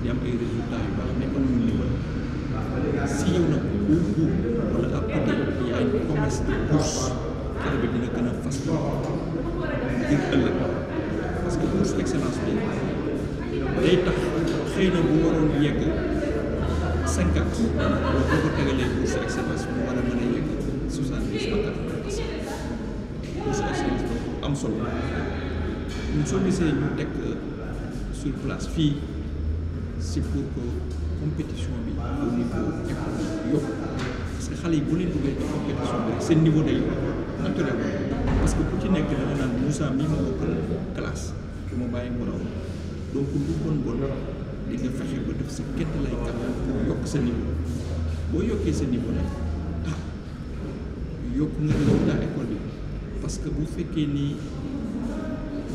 di am ay résultats yu baax nekkoon ñu liggéey nag au bout wala à côté y a un de bourse kër que bourse excellence am solo ñun soo gisee ñu teg sur fii. c'est pour compétition bi au niveau école yokk parce xale yi bu leen duggee ci compétition bi seen niveau day naturellement parce ku ci nekk dana naan Moussa mii moo bokkal classe du ma bàyyi mu raw donc lu bon bon di nga fexe ba def sa kett lay kàttan pour yokk sa niveau boo yokkee sa niveau nag ah yokk nga résultat école bi parce que bu fekkee ni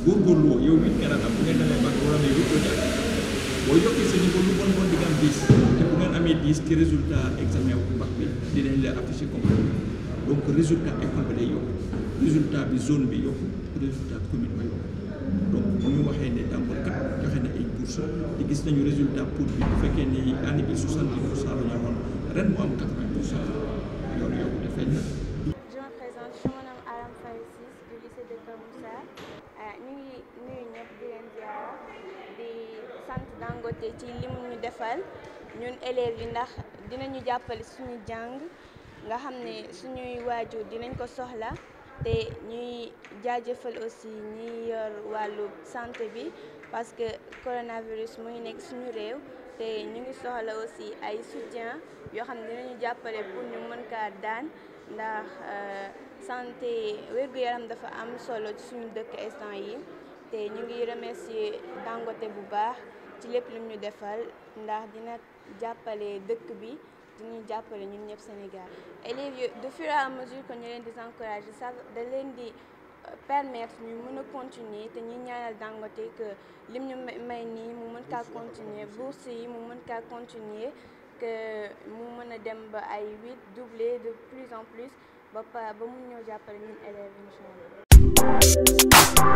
góorgóorlu woo yow it nga daan am bu ngeen demee bàq wala mais wut ko jàpp boo yokkee sa niveau lu bon bon di nga te bu ngeen amee 10 ci résultat examen wu bac bi dinañ la affiché comme donc résultat école bi day yokk résultat bi zone bi yokk résultat commune ba yokk donc bu ñu waxee ne Tambol kat joxe na ay bourse te gis nañu résultat pour bi bu fekkee ni année bi 70 pour cent la ren mu am 80 pour cent sant Dangote ci li defal ñun élèves yi ndax dinañu jàppale suñu jàng nga xam ne suñuy waajur dinañ ko soxla te ñuy jaajëfal aussi ñuy yor wàllu santé bi parce que coronavirus mu ngi nekk suñu réew te ñu ngi soxla aussi ay soutien yoo xam ne dinañu jàppale pour ñu mën kaar daan ndax euh, santé wér-gu-yaram dafa am solo suñu dëkk instant yi te ñu ngi remercier Dangote bu baax ci lépp lu ñu defal ndax dina jàppale dëkk bi jàppale ñun ñëpp Sénégal élèves de fur et à mesure que ñu di ça da leen euh, permettre ñu mën continuer te ñu ñaanal que lim ñu may nii mu mën kaa continuer bourse yi mu continuer que mu a dem ba ay doublé de plus en plus ba ba mu ñëw ñun élèves